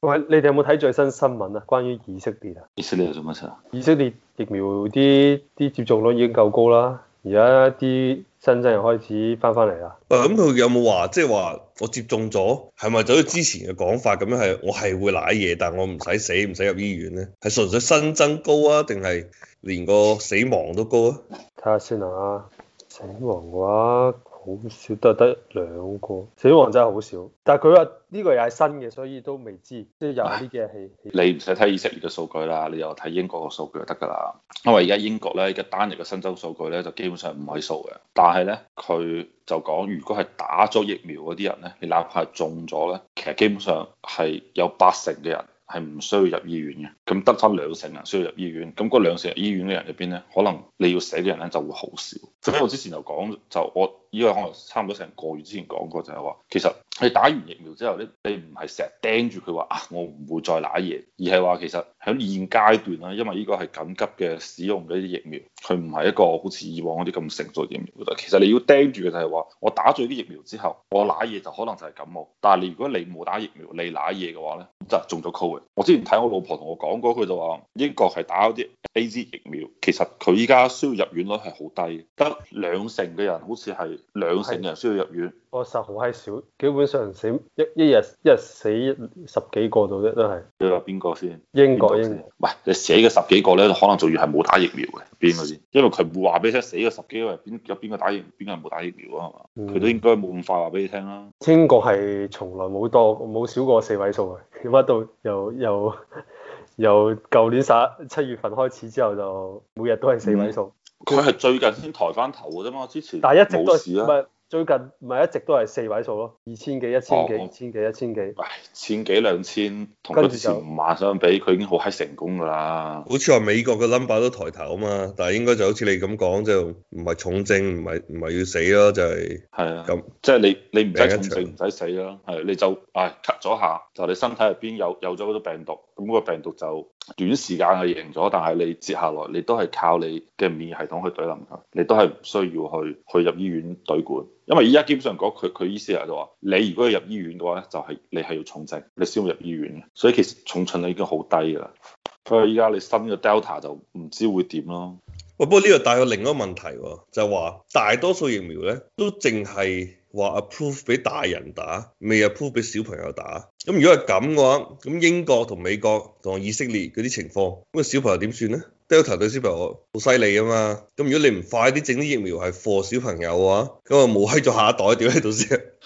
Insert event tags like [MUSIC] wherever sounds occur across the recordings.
喂，你哋有冇睇最新新聞啊？關於以色列啊？以色列係做乜事啊？以色列疫苗啲啲接種率已經夠高啦，而家啲新增又開始翻返嚟啦。喂、啊，咁、嗯、佢有冇話即係話我接種咗，係咪就好似之前嘅講法咁樣係我係會瀨嘢，但係我唔使死，唔使入醫院咧？係純粹新增高啊，定係連個死亡都高啊？睇下先啊，死亡嘅話。好少，得得兩個死亡真係好少。但係佢話呢個又係新嘅，所以都未知，即係又呢幾日起。唉戲你唔使睇以色列嘅數據啦，你又睇英國嘅數據就得㗎啦。因為而家英國咧，而家單日嘅新增數據咧就基本上唔可以數嘅。但係咧，佢就講，如果係打咗疫苗嗰啲人咧，你哪怕係中咗咧，其實基本上係有八成嘅人。係唔需要入醫院嘅，咁得差兩成人需要入醫院，咁嗰兩成入醫院嘅人入邊呢，可能你要死嘅人呢就會好少。所以我之前就講，就我因為可能差唔多成個月之前講過，就係話其實。係打完疫苗之後咧，你唔係成日盯住佢話啊，我唔會再瀨嘢，而係話其實喺現階段啦，因為呢個係緊急嘅使用嘅啲疫苗，佢唔係一個好似以往嗰啲咁成熟疫苗。其實你要盯住嘅就係話，我打咗啲疫苗之後，我瀨嘢就可能就係感冒。但係你如果你冇打疫苗，你瀨嘢嘅話咧，就中咗 COVID。我之前睇我老婆同我講過，佢就話英國係打嗰啲 A Z 疫苗，其實佢依家需要入院率係好低，得兩成嘅人好似係兩成嘅人需要入院。我實好閪少，常死一一日一日死十幾個到啫，都係。你話邊個先？英國英國。喂，你死嘅十幾個咧，可能仲要係冇打疫苗嘅邊個先？因為佢唔會話俾你聽，死個十幾個入邊有邊個打疫，邊個冇打疫苗啊嘛。佢、嗯、都應該冇咁快話俾你聽、啊、啦。英國係從來冇多，冇少過四位數嘅，點 [LAUGHS] 解到又由又舊年七月份開始之後，就每日都係四位數。佢係、嗯、最近先抬翻頭嘅啫嘛，之前但係一直都啊事事。最近咪一直都係四位數咯，二千幾、一千幾、哦、二千幾、一千幾。唉、哎，千幾兩千同之前唔萬相比，佢已經好閪成功噶啦。好似話美國個 number 都抬頭啊嘛，但係應該就好似你咁講就唔係重症，唔係唔係要死咯，就係、是。係啊。咁即係你你唔使重症，唔使死啦，係你就唉 cut 咗下，就你身體入邊有有咗嗰啲病毒，咁、那、嗰個病毒就。短時間係贏咗，但係你接下來你都係靠你嘅免疫系統去對臨佢，你都係唔需要去去入醫院對管，因為依家基本上講，佢佢意思係就話，你如果要入醫院嘅話咧，就係、是、你係要重症，你先會入醫院嘅，所以其實重症率已經好低㗎啦。佢依家你新嘅 Delta 就唔知會點咯。喂、哦，不過呢個帶有另一個問題、哦，就係、是、話大多數疫苗咧都淨係話 approve 俾大人打，未 approve 俾小朋友打。咁如果係咁嘅話，咁英國同美國同以色列嗰啲情況，咁個小朋友點算咧？Delta 對小朋友好犀利啊嘛！咁如果你唔快啲整啲疫苗係貨小朋友嘅話，咁啊冇閪咗下一代點喺度先？ [LAUGHS]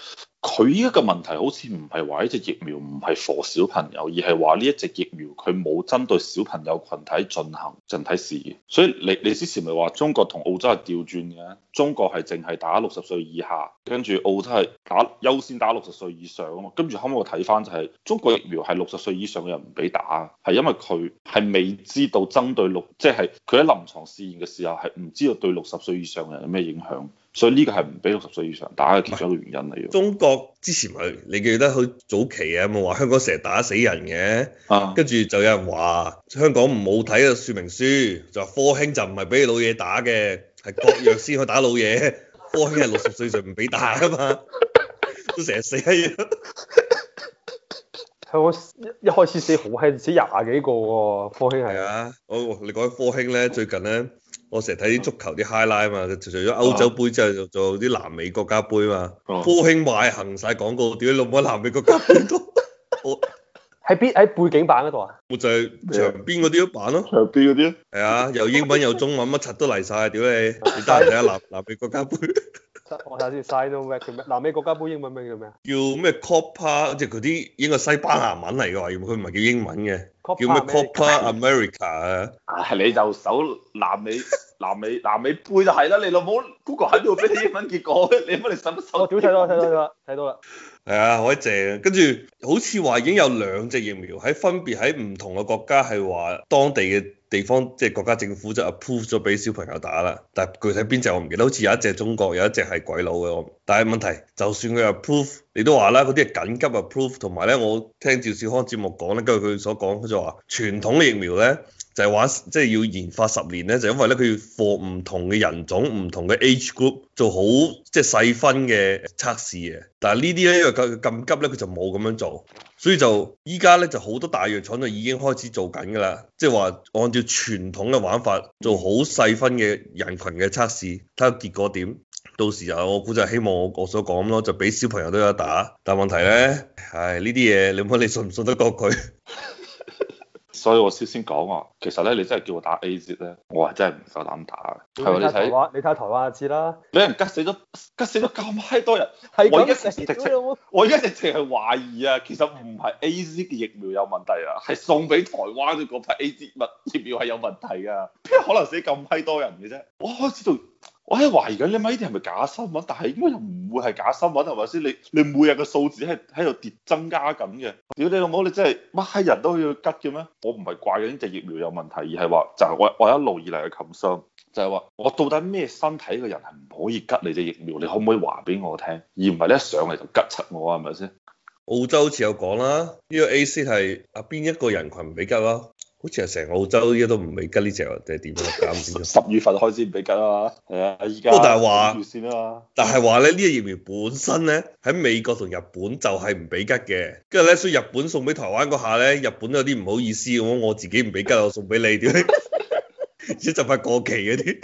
佢依一個問題好似唔係話一隻疫苗唔係俾小朋友，而係話呢一隻疫苗佢冇針對小朋友群體進行人體試驗。所以你你之前咪話中國同澳洲係調轉嘅，中國係淨係打六十歲以下，跟住澳洲係打優先打六十歲以上啊嘛。跟住後尾我睇翻就係中國疫苗係六十歲以上嘅人唔俾打，係因為佢係未知道針對六，即係佢喺臨床試驗嘅時候係唔知道對六十歲以上嘅人有咩影響。所以呢個係唔俾六十歲以上打嘅其中一個嘅原因嚟嘅。中國之前咪你記得好早期啊，有冇話香港成日打死人嘅，跟住、啊、就有人話香港唔好睇個說明書，就話科興就唔係俾老嘢打嘅，係國藥先去打老嘢。 [LAUGHS] 科興係六十歲就唔俾打噶嘛，都成日死。 [LAUGHS] 香港一一開始死好輕，死廿幾個、哦、科興係啊。哦，你講科興咧，最近咧。我成日睇啲足球啲 highlight 啊嘛，除咗歐洲杯之後，就做啲南美國家杯啊嘛，科興買行晒廣告，屌你老母，南美國家杯喺邊喺背景板嗰度啊？就係牆邊嗰啲板咯，牆邊嗰啲，係啊，又英文又中文，乜柒都嚟晒。屌你，你單睇下南南美國家杯。我睇下先 South America 南美國家杯英文名叫咩啊？叫咩 Copa，即係佢啲應該西班牙文嚟㗎，佢唔係叫英文嘅。叫咩 Copa America 啊？唉，你就搜南美南美南美杯就係啦，你老母 Google 喺度俾你英文結果嘅， [LAUGHS] 你乜你搜？我屌睇到睇到睇到睇到啦！係啊、哎，好鬼正。跟住好似話已經有兩隻疫苗喺分別喺唔同嘅國家係話當地嘅地方即係國家政府就 approve 咗俾小朋友打啦。但係具體邊隻我唔記得，好似有一隻中國，有一隻係鬼佬嘅。我但係問題，就算佢 approve。你都話啦，嗰啲係緊急 approve，同埋咧，我聽趙少康節目講咧，跟住佢所講，佢就話傳統嘅疫苗咧，就係話即係要研發十年咧，就因為咧佢要放唔同嘅人種、唔同嘅 age group 做好即係細分嘅測試嘅。但係呢啲咧，因為佢咁急咧，佢就冇咁樣做，所以就依家咧就好多大藥廠就已經開始做緊㗎啦，即係話按照傳統嘅玩法，做好細分嘅人群嘅測試，睇下結果點。到時候我估就係希望我所講咁咯，就俾小朋友都有得打。但係問題咧，係呢啲嘢你唔好，你信唔信得過佢？ [LAUGHS] 所以我先先講啊，其實咧你真係叫我打 A Z 咧，我係真係唔夠膽打。係你睇台灣，你睇台灣一次啦，俾人吉死咗吉死咗咁閪多人，我一成直情， [LAUGHS] 我一成直係懷疑啊，其實唔係 A Z 嘅疫苗有問題啊，係送俾台灣嘅個 A Z 物疫苗係有問題㗎，邊有可能死咁閪多人嘅啫？我開始到。我喺、哎、懷疑緊，你問呢啲係咪假新聞？但係應該又唔會係假新聞係咪先？你你每日嘅數字係喺度跌增加緊嘅。屌你老母！你真係乜閪人都要吉嘅咩？我唔係怪緊呢隻疫苗有問題，而係話就係、是、我我一路以嚟嘅感受，就係、是、話我到底咩身體嘅人係唔可以吉你隻疫苗？你可唔可以話俾我聽？而唔係一上嚟就吉出我係咪先？是是澳洲好似有講啦，呢、這個 A C 係啊邊一個人群未嘅咯？好似係成澳洲依家都唔俾吉呢隻定係點啊？十月份開始唔俾吉啊嘛。係啊，依家。不過但係話，但係話咧，呢個疫苗本身咧，喺美國同日本就係唔俾吉嘅。跟住咧，所以日本送俾台灣嗰下咧，日本有啲唔好意思，我我自己唔俾吉，我送俾你點？而且就快過期嗰啲。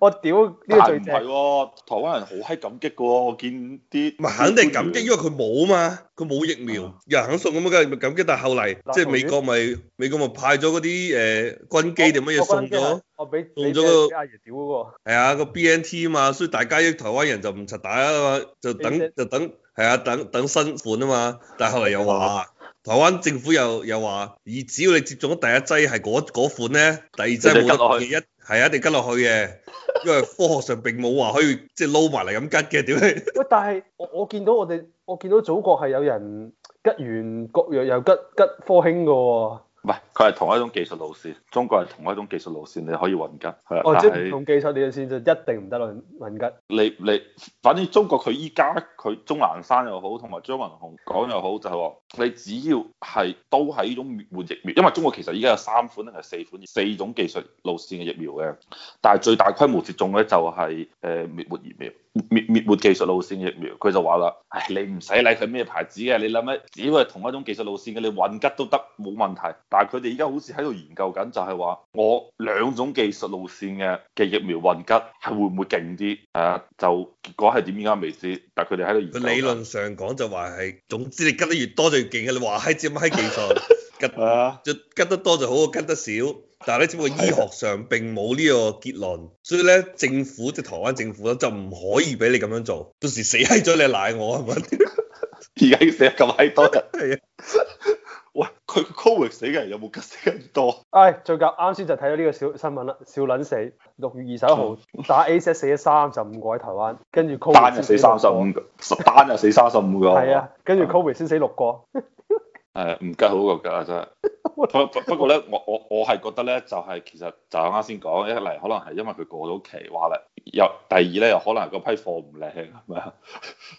我屌呢個最正，台灣人好閪感激嘅喎，我見啲唔係肯定感激，因為佢冇啊嘛，佢冇疫苗，又肯送咁樣，梗係感激。但係後嚟即係美國咪美國咪派咗嗰啲誒軍機定乜嘢送咗，送咗個阿爺屌嗰個，係啊個 BNT 啊嘛，所以大家台灣人就唔柒打啊嘛，就等就等係啊等等新款啊嘛，但係後嚟又話。台灣政府又又話，而只要你接種咗第一劑係嗰款咧，第二劑冇得，第一係一定拮落去嘅。 [LAUGHS] 因為科學上並冇話可以即係撈埋嚟咁拮嘅，屌、就、咧、是？喂，但係我我見到我哋，我見到祖國係有人吉完國藥又吉拮科興㗎喎、哦。唔係，佢係同一種技術路線，中國係同一種技術路線，你可以混吉。哦，是哦，即唔同技術嘅線就一定唔得混混吉。你你，反正中國佢依家佢鍾南山又好，同埋張文宏講又好，就係、是、話你只要係都係呢種滅，滅活疫苗，因為中國其實依家有三款定係四款四種技術路線嘅疫苗嘅，但係最大規模接種咧就係誒滅活疫苗。滅滅活技術路線疫苗，佢就話啦，唉，你唔使理佢咩牌子嘅，你諗一，只要係同一種技術路線嘅，你混吉都得冇問題。但係佢哋而家好似喺度研究緊，就係話我兩種技術路線嘅嘅疫苗混吉，係會唔會勁啲？啊，就結果係點依家未知。但係佢哋喺度研究。佢理論上講就話係，總之你吉得越多就越勁嘅，你話嗨接唔嗨技術吉，就吉得多就好過吉得少。但係咧，只不過醫學上並冇呢個結論，所以咧，政府即係是的 台灣政府咧，就唔可以俾你咁樣做。到時死閪咗你賴我係咪？而家要死咁閪多人哋啊！喂，佢 Covid 死嘅人有冇咁死咁多？唉、哎，最近啱先就睇到呢個小新聞啦，少撚死。六月二十一號打 AZ 死咗三十五個喺台灣，跟住單日死三十五，單日死三十五個係啊，跟住 Covid 先死六個，係唔計好過噶真係。 [LAUGHS] 不過咧，我我我係覺得咧，就係、是、其實就係啱先講，一嚟可能係因為佢過咗期，話啦，又第二咧又可能嗰批貨唔靚，係咪啊？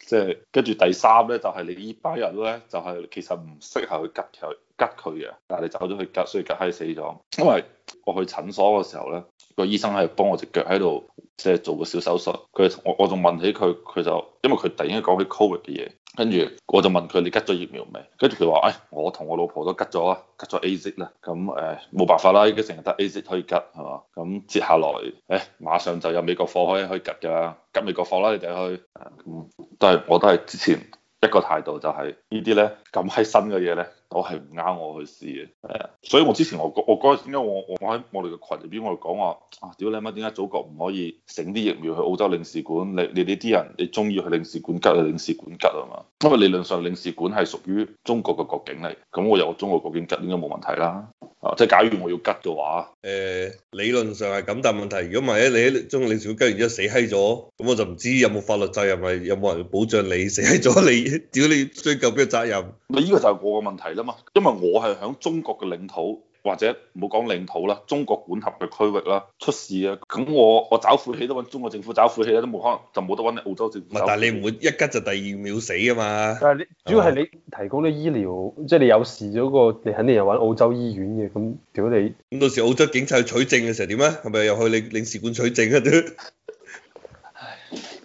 即係跟住第三咧就係、是、你呢班人咧就係、是、其實唔適合去急佢。吉佢嘅，但係你走咗去吉，所以吉閪死咗。因為我去診所嘅時候咧，個醫生係幫我隻腳喺度即係做個小手術。佢我我仲問起佢，佢就因為佢突然間講起 COVID 嘅嘢，跟住我就問佢：你吉咗疫苗未？跟住佢話：誒、哎，我同我老婆都吉咗啊，吉咗 A Z 啦、e,。咁誒冇辦法啦，依家成日得 A Z、e、可以吉係嘛？咁接下來誒、哎，馬上就有美國貨可以可以吉㗎啦，吉美國貨啦你哋去。咁、嗯、但係我都係之前一個態度就係、是、呢啲咧咁閪新嘅嘢咧。我係唔啱我去試嘅，yeah. 所以，我之前我我嗰陣時因為我我喺我哋嘅群入邊我哋講話啊，屌你媽點解祖國唔可以整啲疫苗去澳洲領事館？你你你啲人你中意去領事館吉去領事館吉啊嘛？因為理論上領事館係屬於中國嘅國境嚟，咁、嗯、我由中國國境吉應該冇問題啦。啊，即係假如我要吉嘅話，誒、欸、理論上係咁，但係問題如果唔係你喺中國領事館吉而家死閪咗，咁我就唔知有冇法律責任係有冇人保障你死閪咗，你屌你追究邊個責任？呢依個就係我嘅問題。因為我係喺中國嘅領土或者唔好講領土啦，中國管轄嘅區域啦出事啊，咁我我找晦氣都揾中國政府找晦氣咧，都冇可能就冇得揾你澳洲政府。但係你唔會一吉就第二秒死啊嘛。但係你主要係你提供啲醫療，哦、即係你有事嗰個，你肯定又揾澳洲醫院嘅。咁如果你咁到時澳洲警察去取證嘅時候點啊？係咪又去領領事館取證啊？ [LAUGHS]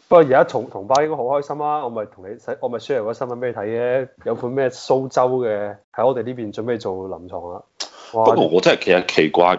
不過而家同同胞應該好開心啊！我咪同你使，我咪 share 個新聞俾你睇嘅，有款咩蘇州嘅喺我哋呢邊準備做臨牀啦。不過我真係其實奇怪。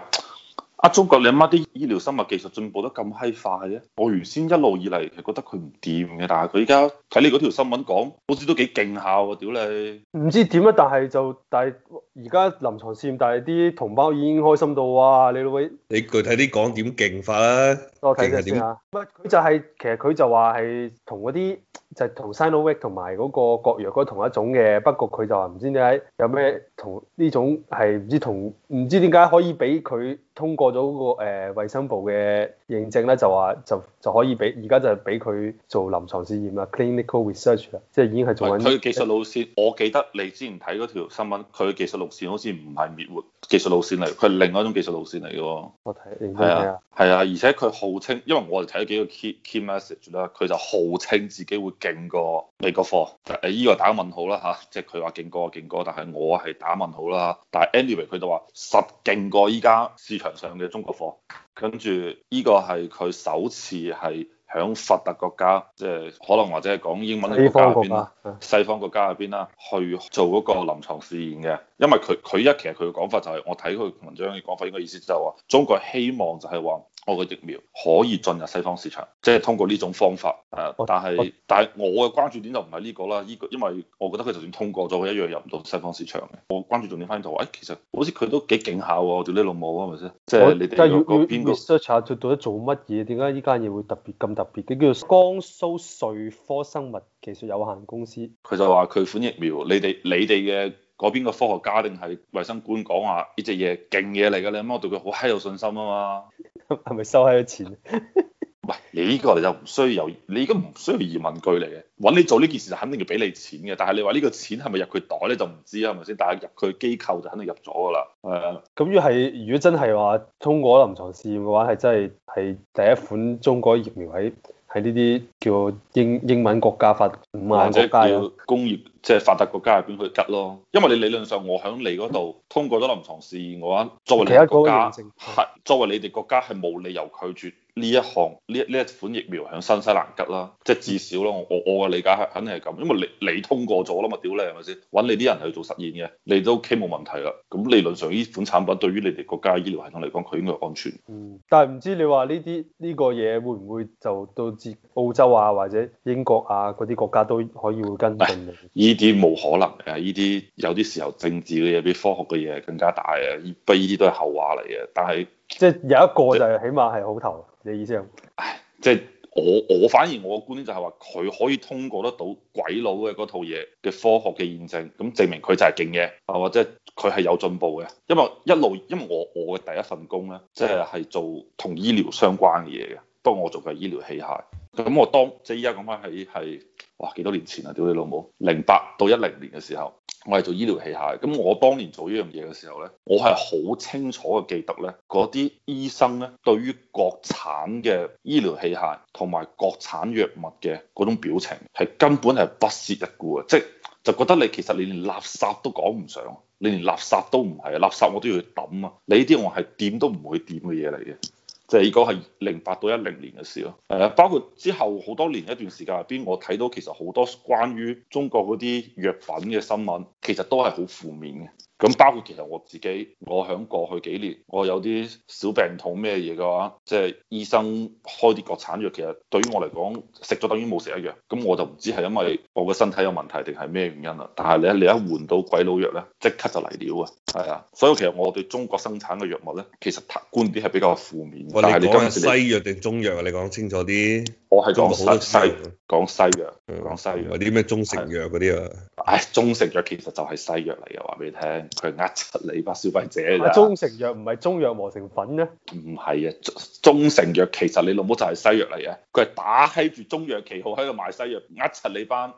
啊！中國你阿媽啲醫療生物技術進步得咁閪快咧，我原先一路以嚟係覺得佢唔掂嘅，但係佢依家睇你嗰條新聞講，好似都幾勁下喎！屌你，唔知點啊，但係就但係而家臨床試驗，但係啲同胞已經開心到哇！你老味，你具體啲講點勁法啦？我睇下先嚇，佢就係其實佢就話係同嗰啲。就同 Sinovac 同埋嗰個國藥嗰同一種嘅，不過佢就話唔知點解有咩同呢種係唔知同唔知點解可以俾佢通過咗嗰個誒衞生部嘅認證咧，就話就就可以俾而家就俾佢做臨床試驗啦，clinical research 啦，即係已經係做緊。佢技術路線，我記得你之前睇嗰條新聞，佢技術路線好似唔係滅活技術路線嚟，佢係另外一種技術路線嚟嘅喎。我睇，你睇下。係啊，係啊，啊，而且佢號稱，因為我哋睇咗幾個 key key message 啦，佢就號稱自己會。勁過美國貨，呢個打問號啦吓，即係佢話勁過勁過，但係我係打問號啦，啊，但係 anyway 佢就話實勁過依家市場上嘅中國貨，跟住呢個係佢首次係響發達國家，即係可能或者係講英文嘅國家入邊，西方國家入邊啦，的去做嗰個臨床試驗嘅。因為佢佢一其實佢嘅講法就係，我睇佢文章嘅講法，應該意思就係話中國希望就係話。我個疫苗可以進入西方市場，即係通過呢種方法誒。但係、哦哦、但係，我嘅關注點就唔係呢個啦。依個因為我覺得佢就算通過咗，佢一樣入唔到西方市場嘅。我關注重點翻就話，誒、欸，其實好似佢都幾勁下喎，我哋你老母啊，係咪先？即係你哋、邊個 search 佢到底做乜嘢？點解呢間嘢會特別咁特別嘅？叫做江蘇瑞科生物技術有限公司。佢就話：佢款疫苗，你哋你哋嘅嗰邊個科學家定係衛生官講話呢隻嘢勁嘢嚟㗎。你阿媽對佢好閪有信心啊嘛！係咪收喺咗錢？喂， [LAUGHS] 你呢個就唔需要由你，而家唔需要疑問句嚟嘅。揾你做呢件事就肯定要俾你錢嘅，但係你話呢個錢係咪入佢袋咧就唔知啦，係咪先？但係入佢機構就肯定入咗㗎啦。係，咁要係如果真係話通過臨床試驗嘅話，係真係係第一款中國疫苗喺。.喺呢啲叫英英文國家發或者叫工業即係、就是、發達國家入邊去吉咯。因為你理論上我響你嗰度通過咗臨床試驗嘅話，作為你國家係作為你哋國家係冇理由拒絕。呢一項呢呢一,一款疫苗喺新西蘭吉啦，即係至少啦，我我我嘅理解係肯定係咁，因為你你通過咗啦嘛，屌、就是、你係咪先揾你啲人去做實驗嘅，你都 OK 冇問題啦。咁理論上呢款產品對於你哋國家嘅醫療系統嚟講，佢應該係安全。嗯，但係唔知你話呢啲呢個嘢會唔會就導致澳洲啊或者英國啊嗰啲國家都可以會跟進呢啲？冇可能誒，呢啲有啲時候政治嘅嘢比科學嘅嘢更加大啊！不呢啲都係後話嚟嘅，但係即係有一個就係、是、起碼係好頭。你意思係？即係我我反而我嘅觀點就係話，佢可以通過得到鬼佬嘅嗰套嘢嘅科學嘅驗證，咁證明佢就係勁嘅，啊或者佢係有進步嘅。因為一路，因為我因為我嘅第一份工咧，即係係做同醫療相關嘅嘢嘅，不過我做嘅係醫療器械。咁我當即係依家講翻起係，哇幾多年前啊，屌你老母，零八到一零年嘅時候。我係做醫療器械嘅，咁我當年做呢樣嘢嘅時候呢，我係好清楚嘅記得呢嗰啲醫生咧，對於國產嘅醫療器械同埋國產藥物嘅嗰種表情，係根本係不屑一顧嘅，即就覺得你其實你連垃圾都講唔上，你連垃圾都唔係，垃圾我都要去抌啊，你呢啲我係掂都唔會掂嘅嘢嚟嘅。第二個係零八到一零年嘅事咯，誒包括之後好多年一段時間入邊，我睇到其實好多關於中國嗰啲藥品嘅新聞，其實都係好負面嘅。咁包括其實我自己，我喺過去幾年，我有啲小病痛咩嘢嘅話，即係醫生開啲國產藥，其實對於我嚟講，食咗等於冇食一樣。咁我就唔知係因為我個身體有問題定係咩原因啦。但係你一你一換到鬼佬藥咧，即刻就嚟料啊！係啊，所以其實我對中國生產嘅藥物咧，其實客觀啲係比較負面嘅。喂，你講西藥定中藥啊？你講清楚啲。我係講西，講西藥，講西藥。嗰啲咩中成藥嗰啲啊？唉、哎，中成藥其實就係西藥嚟嘅，話俾你聽。佢呃七你班消費者，中成藥唔係中藥磨成粉咩？唔係啊，中成藥其實你老母就係西藥嚟嘅，佢係打起住中藥旗號喺度賣西藥，呃七你班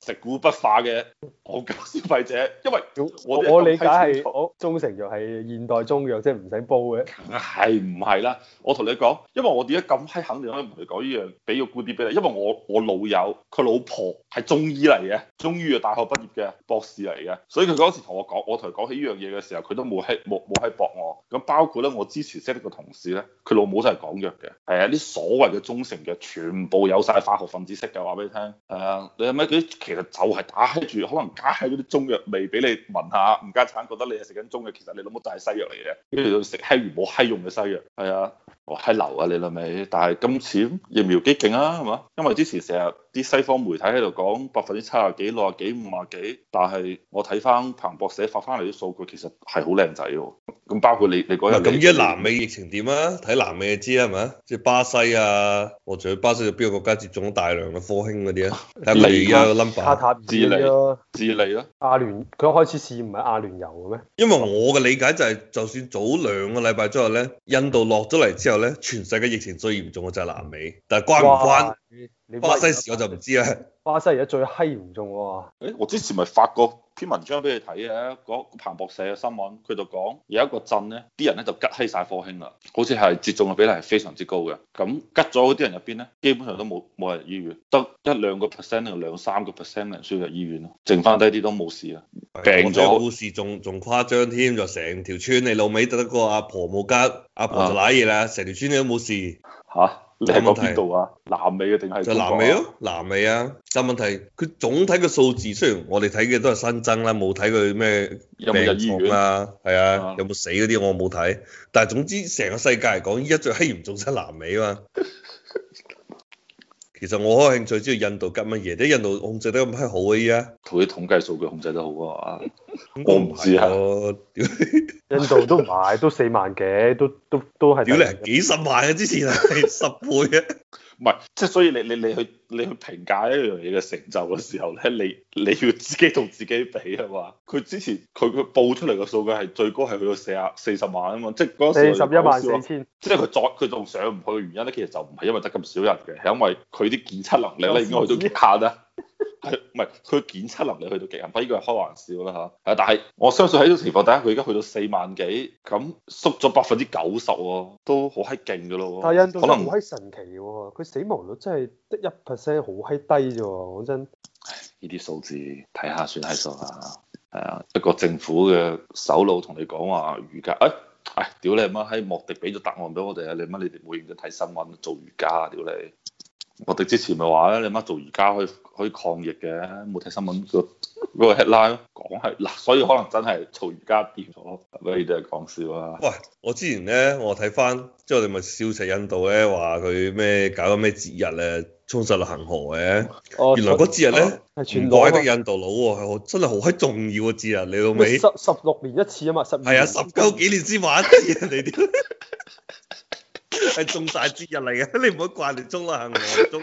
食古不化嘅 [LAUGHS] 我搞消費者。因為我、這個、我理解係中成藥係現代中藥，即係唔使煲嘅。係唔係啦？我同你講，因為我點解咁閪肯定可以同你講呢樣，俾個 goodie 俾你，因為我我老友佢老婆係中醫嚟嘅，中醫啊，大學畢業嘅博士嚟嘅，所以佢嗰時同我講我。同講起呢樣嘢嘅時候，佢都冇喺冇冇喺駁我。咁包括咧，我之前識得個同事咧，佢老母都係講藥嘅。係、哎、啊，啲所謂嘅中成藥嘅，全部有晒化學分子式嘅，話俾你聽。係、哎、啊，你係咪嗰其實就係打住，可能加起嗰啲中藥味俾你聞下，吳家鏟覺得你係食緊中藥，其實你老母就係西藥嚟嘅。跟住食閪魚冇閪用嘅西藥。係、哎、啊，我閪流啊你啦咪？但係今次疫苗激勁啊，係嘛？因為之前成日。啲西方媒體喺度講百分之七十幾、六十幾、五十幾，但係我睇翻彭博社發翻嚟啲數據，其實係好靚仔嘅。咁包括你你嗰日咁而家南美疫情點啊？睇南美就知係咪啊？即係、就是、巴西啊，我仲去巴西，有邊個國家接種咗大量嘅科興嗰啲啊？智利啊，number 智利咯，智利咯。亞聯佢開始試驗，唔係亞聯遊嘅咩？因為我嘅理解就係、是，就算早兩個禮拜之後咧，印度落咗嚟之後咧，全世界疫情最嚴重嘅就係南美，但係關唔關？巴西時我就唔知啦。巴西而家最閪嚴重喎。我之前咪發過篇文章俾你睇嘅，講、嗰個、彭博社嘅新聞，佢就講有一個鎮咧，啲人咧就吉閪晒科興啦，好似係接種嘅比例係非常之高嘅。咁吉咗嗰啲人入邊咧，基本上都冇冇入醫院，得一兩個 percent 要兩三個 percent 才需要入醫院咯，剩翻低啲都冇事啦。病咗。個護士仲仲誇張添，就成條村你老味得得個阿婆冇吉，阿婆就賴嘢啦，成、啊、條村你都冇事嚇。啊你有冇睇到啊？南美啊定係就南美咯，啊，南美啊。但問題，佢總體嘅數字，雖然我哋睇嘅都係新增啦，冇睇佢咩入唔入醫院啊，係啊，有冇死嗰啲我冇睇。但係總之成個世界嚟講，依家最危嚴重都係南美啊嘛。其實我好有興趣知道印度吉乜嘢？啲印度控制得咁閪好嘅，啊、嘢，同啲統計數據控制得好啊！我唔知啊， [LAUGHS] 印度都唔係，都四萬幾，都都都係，屌幾十萬啊！之前係 [LAUGHS] 十倍嘅。唔係，即係所以你你你去你去評價一樣嘢嘅成就嘅時候咧，你你要自己同自己比啊嘛。佢之前佢佢報出嚟嘅數據係最高係去到四啊四十萬啊嘛，即係嗰時我哋四十一萬四千，好少咯。即係佢再佢仲上唔去嘅原因咧，其實就唔係因為得咁少人嘅，係因為佢啲檢測能力咧已經去到極限啦。 [LAUGHS] 唔係，佢檢測能力去到極限，不過依個係開玩笑啦嚇。但係我相信喺呢種情況底下，佢而家去到四萬幾，咁縮咗百分之九十喎，都好閪勁嘅咯。但係印度真係好閪神奇喎、啊，佢死亡率真係得一 percent，好閪低啫喎。講真，呢啲數字睇下算係數啊。係啊，一個政府嘅首腦同你講話瑜伽，哎，哎，屌你媽閪，莫迪俾咗答案俾我哋啊！你媽你哋每日都睇新聞做瑜伽，屌你！我哋之前咪話咧，你媽做瑜伽可以可以抗疫嘅，冇睇新聞嗰嗰個 headline 講係嗱，所以可能真係做而家跌咗，乜嘢都係講笑啊！喂，我之前咧，我睇翻即係我哋咪笑死印度咧，話佢咩搞咗咩節日咧，充實落恒河嘅，哦、原來個節日咧，係傳統的印度佬、啊，係好全真係好閪重要嘅、啊、節日，你老味十十六年一次啊嘛，十係啊，十九幾年先玩一次，你屌！係重大節日嚟嘅，你唔好掛年鐘啦，係咪？鐘。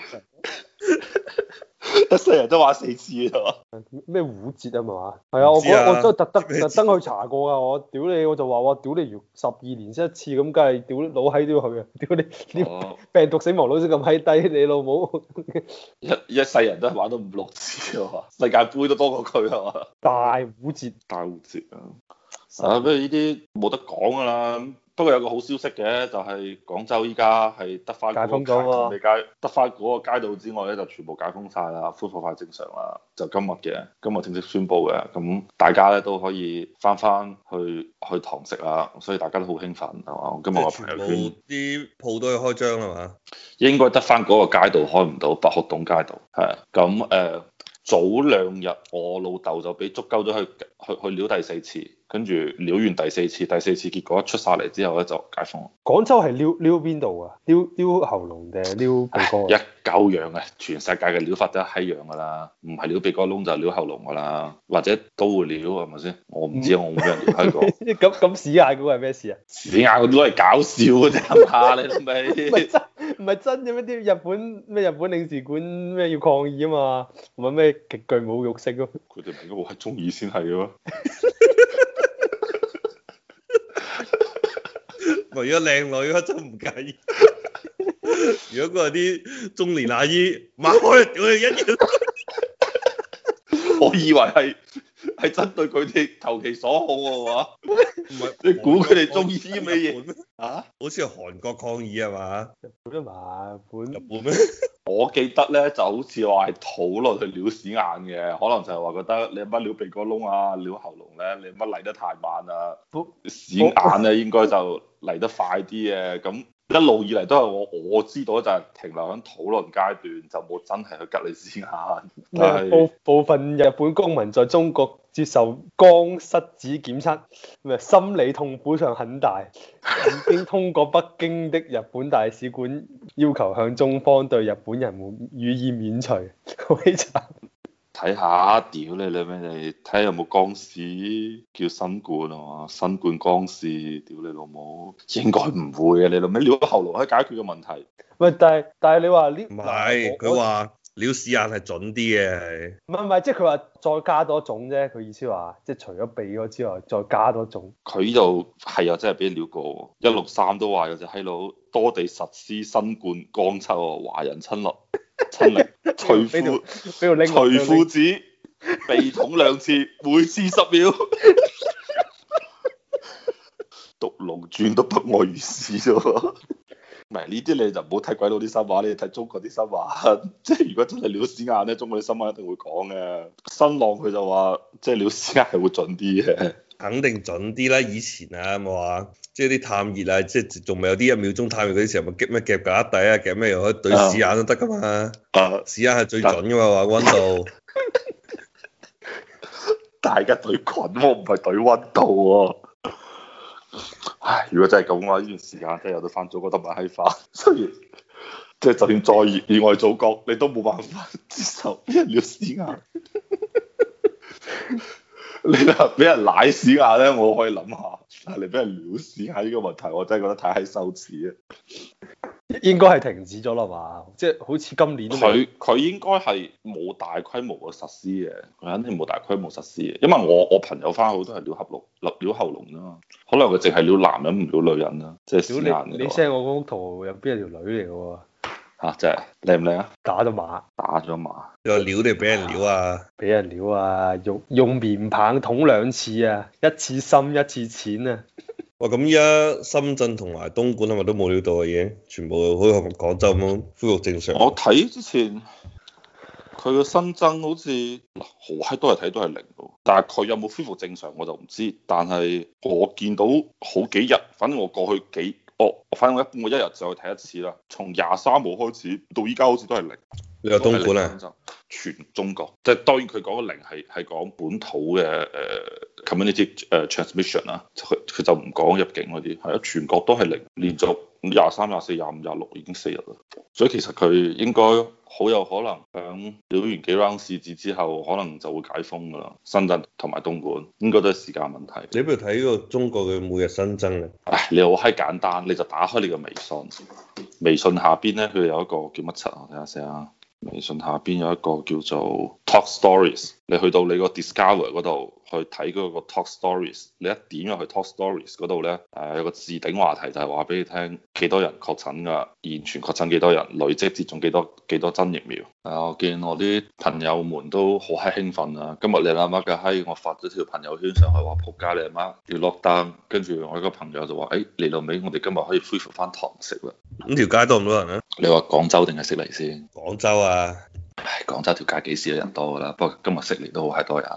一世人都玩四次啊嘛？咩虎節啊嘛？係 [LAUGHS] 啊，我覺得我都特登特登去查過啊！我屌你，我就話我屌你，十二年先一次咁，梗係屌老閪都要去啊！屌你，屌病毒死亡率先咁喺低，你老母 [LAUGHS] 一一世人都係玩到五六次啊嘛！世界盃都多過佢啊嘛！大虎節，大虎節啊！啊，不如呢啲冇得講噶啦。不過有個好消息嘅，就係、是、廣州依家係得翻嗰個街，得翻嗰個街道之外咧，就全部解封晒啦，恢復快正常啦。就今日嘅，今日正式宣布嘅。咁大家咧都可以翻翻去去堂食啦，所以大家都好興奮係嘛？今日我朋友啲鋪都要開張啦嘛。應該得翻嗰個街道開唔到，白鶴洞街道係。咁誒、呃、早兩日我老豆就俾捉鳩咗去去去料第四次。跟住撩完第四次，第四次結果一出晒嚟之後咧就解封。廣州係撩撩邊度啊？撩撩喉嚨定撩鼻哥？一狗樣嘅，全世界嘅撩法都係一樣噶啦，唔係撩鼻哥窿就撩喉嚨噶啦，或者都會撩係咪先？我唔知，嗯、我冇俾人撩閪過。咁咁屎牙嗰個係咩事啊？屎牙嗰都攞嚟搞笑嘅啫， [LAUGHS] 嚇你，咪唔係真，唔係真嘅咩？啲日本咩日本領事館咩要抗議啊嘛？唔係咩極具侮辱性？佢哋唔應該好閪中意先係嘅咩？ [LAUGHS] 如果靚女，我真唔介意； [LAUGHS] 如果佢係啲中年阿姨，抹開我哋一樣。 [LAUGHS] 我以為係。係針對佢哋求其所好啊嘛？唔係 [LAUGHS] 你估佢哋中意啲咩嘢啊？好似係韓國抗議啊嘛？本日本啊，本日本咩？我記得咧就好似話係討論去撩屎眼嘅，可能就係話覺得你乜撩鼻哥窿啊、撩喉嚨咧，你乜嚟得太慢啦、啊。哦、屎眼咧應該就嚟得快啲嘅，咁一路以嚟都係我我知道就係停留喺討論階段，就冇真係去吉你屎眼。但部部分日本公民在中國。接受肛拭子檢測，唔心理痛苦上很大， [LAUGHS] 已經通過北京的日本大使館要求向中方對日本人予以免除 v 睇 [LAUGHS] 下，屌你你味嚟，睇下有冇肛拭？叫新冠啊嘛，新冠肛拭，屌你老母，應該唔會啊你，你，你老味，撩個喉嚨可以解決個問題。喂，但係但係你話呢？唔係佢話。我你要試下係準啲嘅，唔係唔係，即係佢話再加多種啫。佢意思話，即、就、係、是、除咗鼻咗之外，再加多種。佢呢度係又真係俾人料過，一六三都話有隻閪佬多地實施新冠肛測，華人親歷、親歷、除褲、除褲 [LAUGHS] 子，被捅兩次，每次十秒，毒龍轉都不外如是咯。呢啲你就唔好睇鬼佬啲新聞，你睇中國啲新聞。即係如果真係鳥屎眼咧，中國啲新聞一定會講嘅。新浪佢就話，即係鳥屎眼係會準啲嘅。肯定準啲啦，以前啊，我話即係啲探熱啊，即係仲未有啲一秒鐘探熱嗰啲時候，咪攪咩夾架底啊，夾咩？可以對屎眼都得噶嘛。啊！屎眼係最準噶嘛，話温、啊、度。 [LAUGHS] 大家對菌喎，唔係對温度喎、啊。唉，如果真係咁嘅話，呢段時間真係有得翻祖國得埋閪翻，雖然即係就算再熱愛祖國，你都冇辦法接受俾人撩屎眼。你話俾人奶屎眼咧，我可以諗下；但係你俾人撩屎眼呢個問題，我真係覺得太閪羞恥啊！應該係停止咗啦嘛，即係好似今年都佢佢應該係冇大規模嘅實施嘅，佢肯定冇大規模實施嘅，因為我我朋友翻好多係撩喉嚨，撩喉嚨啊嘛，可能佢淨係撩男人唔撩女人啊，即係屎眼嘅。你你聲我嗰幅圖入邊係條女嚟嘅喎，嚇，真係靚唔靚啊？打咗碼，打咗碼，你話撩定俾人撩啊？俾人撩啊！用用棉棒捅兩次啊，一次深一次淺啊！哇！咁依家深圳同埋東莞係咪都冇料到嘅嘢，全部好似同廣州咁恢復正常？嗯、我睇之前佢嘅新增好似嗱好閪多，係睇都係零，但係佢有冇恢復正常我就唔知。但係我見到好幾日，反正我過去幾，我、哦、反正我一般我一日就去睇一次啦。從廿三號開始到依家，好似都係零。你話東莞啊？全中國即係、就是、當然，佢講個零係係講本土嘅誒。呃 community transmission 啦，佢佢就唔講入境嗰啲，係啊，全國都係零，連續廿三、廿四、廿五、廿六已經四日啦。所以其實佢應該好有可能響了、嗯、完幾 round 試治之後，可能就會解封噶啦。深圳同埋東莞應該都係時間問題。你不如睇呢個中國嘅每日新增啊！唉，你好閪簡單，你就打開你個微信，微信下邊咧佢有一個叫乜七，我睇下先啊，微信下邊有一個叫做 Talk Stories，你去到你個 Discover 嗰度。去睇嗰個 Talk Stories，你一點入去 Talk Stories 嗰度呢？誒、啊、有個置頂話題就係話俾你聽幾多人確診㗎，完全確診幾多人，累積接種幾多幾多針疫苗。啊，我見我啲朋友們都好閪興奮啊！今日你阿媽嘅閪，我發咗條朋友圈上去話：仆街你阿媽要落單。跟住我一個朋友就話：誒你老尾，我哋今日可以恢復翻堂食啦。咁條街多唔多人啊？你話廣州定係悉尼先？廣州啊，廣州條街幾時都人多㗎啦。不過今日悉尼都好閪多人。